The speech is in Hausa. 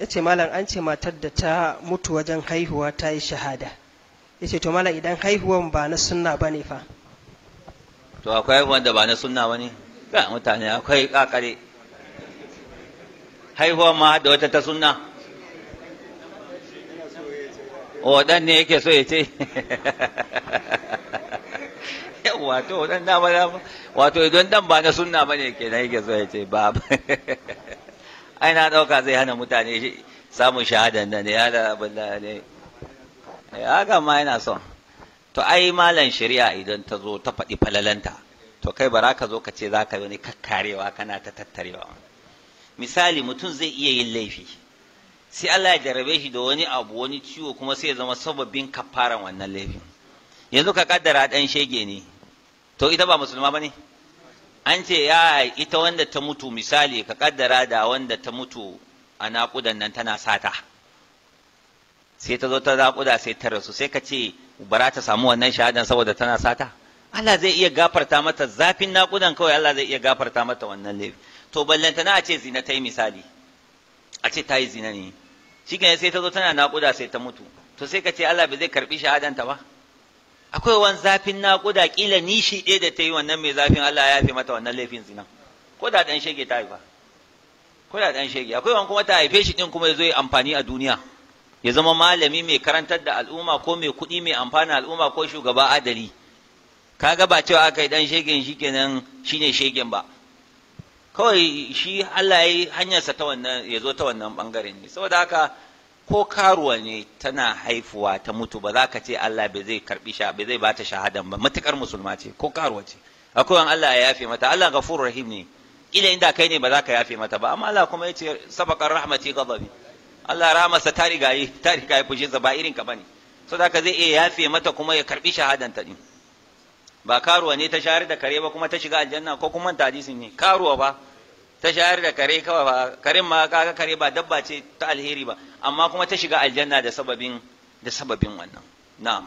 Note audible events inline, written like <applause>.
ya ce malam an ce matar da ta mutu wajen haihuwa ta yi shahada ya ce to malam idan haihuwan ba na sunna ba ne fa to akwai haihuwan da ba na sunna ba ne ga mutane akwai kakare haihuwan ma da wata ta sunna o ne yake so ya ce <laughs> wato na wato idan dan ba na sunna ba ke kenan yake so ya ce ba <laughs> ai na ɗauka zai hana mutane samun shahadan nan ya da abinda ne haka ma yana son to ai malan shari'a idan ta zo ta faɗi falalanta to kai ba ka zo ka ce za ka wani kakkarewa kana ta tattarewa misali mutum zai iya yin laifi sai Allah ya jarabe shi da wani abu wani ciwo kuma sai ya zama sababbin kafaran wannan laifin yanzu ka kaddara ɗan shege ne to ita ba musulma ba ne an ce ya ita wanda ta mutu misali ka kaddara da wanda ta mutu a naƙudan nan tana sata sai ta zo ta naƙuda sai ta rasu sai ka ce bara ta samu wannan shahadan saboda tana sata Allah zai iya gafarta mata zafin naƙudan kawai Allah zai iya gafarta mata wannan laifi to ballantana a ce zina ta yi misali a ce ta yi zina ne shi sai ta zo tana naƙuda sai ta mutu to sai ka ce Allah bai zai karɓi shahadanta ba akwai wani zafin naƙuda ƙila nishi ɗaya da ta yi wannan mai zafin Allah ya fi mata wannan laifin zina ko da ɗan shege ta haifa ko da ɗan shege akwai wani kuma ta haife shi ɗin kuma ya zo ya amfani a duniya ya zama malami mai karantar da al'umma ko mai kuɗi mai amfana al'umma ko shugaba adali kaga ba cewa aka yi ɗan shegen shi kenan shine shegen ba kawai shi Allah ya yi hanyarsa ta wannan ya zo ta wannan ɓangaren ne saboda haka ko karuwa ne tana haifuwa ta mutu ba za ka ce Allah bai zai karbi sha bai zai bata shahadan ba matukar musulma ce ko karuwa ce akwai an Allah ya yafe mata Allah ghafurur rahim ne kila inda kai ne ba za ka yafe mata ba amma Allah kuma ce sabaqar rahmati ghadabi Allah rahmasa ta riga yi ta riga yi fushin sa ba irin ka bane so da ka zai iya yafe mata kuma ya karbi shahadan ta din ba karuwa ne ta shahar da kare ba kuma ta shiga aljanna ko kuma ta hadisin ne karuwa ba ta shayar da kare kawai ba karin ma kaga kare ba dabba ce ta alheri ba amma kuma ta shiga aljanna da sababin da sababin wannan na'am